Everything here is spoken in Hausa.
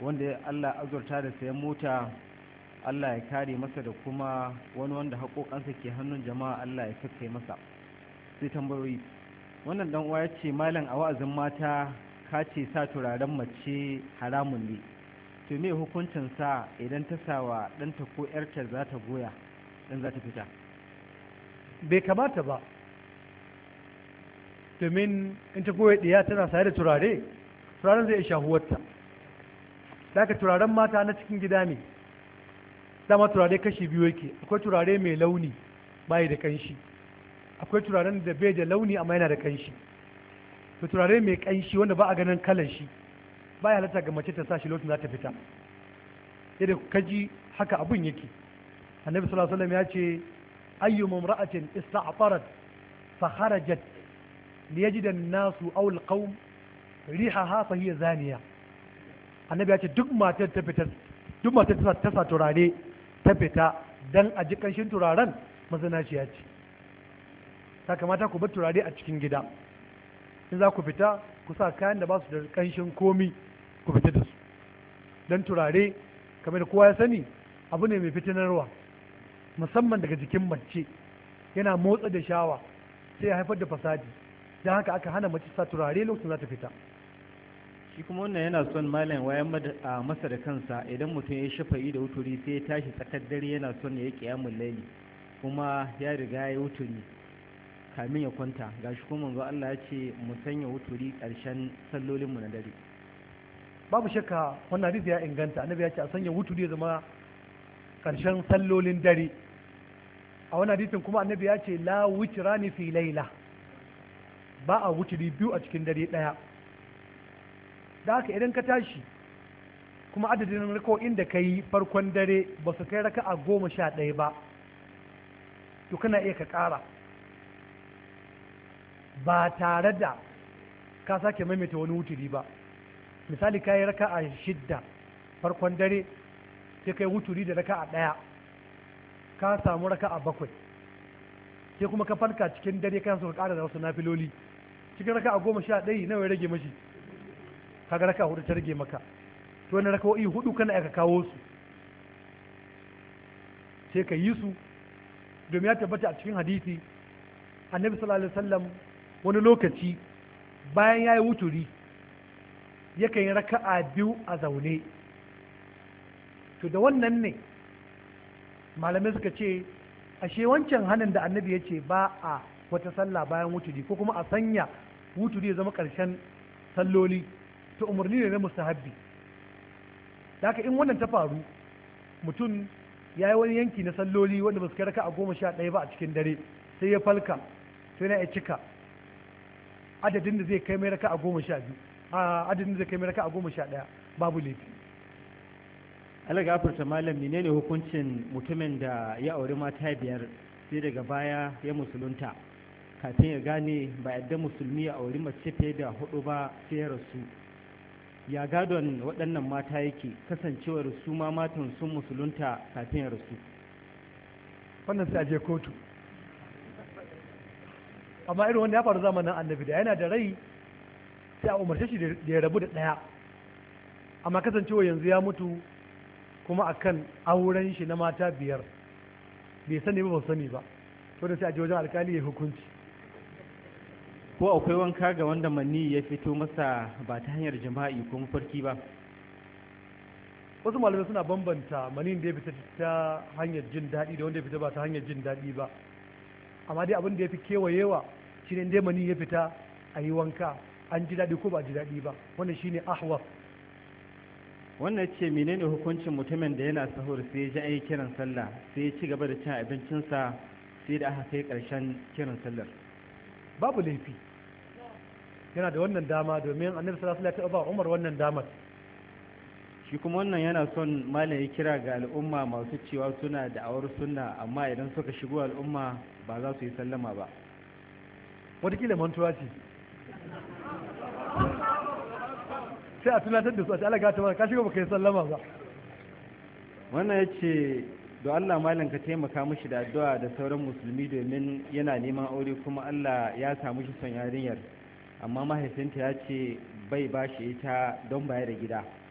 wanda Allah azurta da sayan mota Allah ya kare masa da kuma wani wanda haƙoƙansa ke hannun jama'a Allah ya kakkai masa sai tambayoyi wannan dan uwa yace ce malam a wa'azin mata ka ce sa turaren mace haramun ne to me hukuncin sa idan ta sawa danta ko 'yarta za ta goya dan za ta fita bai kamata ba domin in ta goya diya tana saye da turare turaren zai shahuwarta daga turaren mata na cikin gida ne dama turare kashi biyu yake akwai turare mai launi bai da kanshi akwai turaren da bai da launi amma yana da kanshi to turare mai kanshi wanda ba a ganin kalan shi ba ya halatta ga mace ta sa shi lokacin za ta fita yadda kaji haka abun yake annabi sallallahu alaihi wasallam ya ce ayyu mumra'atin ista'tarat fa kharajat liyajida an-nasu aw al-qawm rihaha fa hiya zaniya annabi ya ce duk matar ta fita duk matar ta sa turare ta fita dan a ji kanshin turaren mazinaciya ce ta kamata ku bar turare a cikin gida in za ku fita ku sa kayan da ba su da kanshin komi ku fita da su dan turare kamar da kowa ya sani abu ne mai fitinarwa musamman daga jikin mace yana motsa da shawa sai ya haifar da fasadi don haka aka hana mace sa turare lokacin za ta fita shi kuma wannan yana son malam wayan masa da kansa idan mutum ya yi da wuturi sai ya tashi tsakar dare yana son ya yi kiyamun laili kuma ya riga ya yi wuturi kamin ya kwanta gashi kuma manzo Allah ya ce mu sanya wuturi ƙarshen sallolin mu na dare babu shakka wannan hadisi ya inganta annabi ya ce a sanya wuturi ya zama ƙarshen sallolin dare a wannan hadisin kuma annabi ya ce la wutrani fi laila ba a wuturi biyu a cikin dare ɗaya. da haka idan ka tashi kuma adadin rako'in da ka yi farkon dare ba su kai raka a goma sha ɗaya ba to kana iya ka ƙara ba tare da ka sake maimaita wani wuturi ba misali ka yi a shidda farkon dare sai kai wuturi da raka a ɗaya ka samu raka a bakwai sai kuma ka farka cikin dare kan su ka ƙara da wasu nafiloli cikin raka a goma sha ɗaya nawa ya rage mashi kaga raka hudu ta rage maka to wani raka'o'i hudu kana aka kawo su sai ka yi su domin ya tabbata a cikin hadisi annabi sallallahu alaihi wasallam wani lokaci bayan ya yi wuturi ya yakan yi a biyu a zaune to da wannan ne malamai suka ce ashe wancan hannun da annabi ya ce ba a wata sallah bayan wuturi ko kuma a sanya wuturi ya zama ƙarshen salloli to umarni ne na musahabbi da haka in wannan ta faru mutum ya yi wani yanki na salloli wanda ba su kai a goma sha ɗaya ba a cikin dare sai ya falka sai na ya cika adadin da zai kai mai raka a goma sha biyu a adadin da zai kai mai raka a goma sha ɗaya babu laifi Allah gafarta malam ne ne hukuncin mutumin da ya auri mata biyar sai daga baya ya musulunta kafin ya gane ba yadda musulmi ya auri mace fiye da hudu ba sai ya rasu ya gadon waɗannan mata yake kasancewar su ma matan sun musulunta kafin ya rasu wannan sai a kotu amma irin wanda ya faru zamanin annabi da yana da rai sai a umarce shi da ya rabu da ɗaya amma kasancewa yanzu ya mutu kuma akan auren shi na mata biyar bai sani ba ba sani ba to da sai a wajen alkali ya hukunci ko akwai wanka ga wanda manni ya fito masa ba ta hanyar jima'i ko mafarki ba wasu malamai suna bambanta manin da ya fita ta hanyar jin daɗi da wanda ya fita ba ta hanyar jin daɗi ba amma dai abin da ya fi kewayewa shine dai mani ya fita a yi wanka an ji daɗi ko ba ji daɗi ba wannan shine ahwaf wannan ce menene hukuncin mutumin da yana sahur sai ya ji ayi kiran sallah sai ya ci gaba da cin abincinsa sai da aka kai ƙarshen kiran sallar babu laifi yana da wannan dama domin annabi sallallahu alaihi wasallam ya ba Umar wannan damar shi kuma wannan yana son malam ya kira ga al'umma masu cewa suna da awar sunna amma idan suka shigo al'umma ba za su yi sallama ba wataƙila mantuwa ce sai a tunatar da su a ce alaga ta ka shigo baka yi sallama ba wannan ya ce da Allah malam ka taimaka mishi da addu'a da sauran musulmi domin yana neman aure kuma Allah ya samu shi son yarinyar amma mahaifinta ya ce bai bashi ita don baya da gida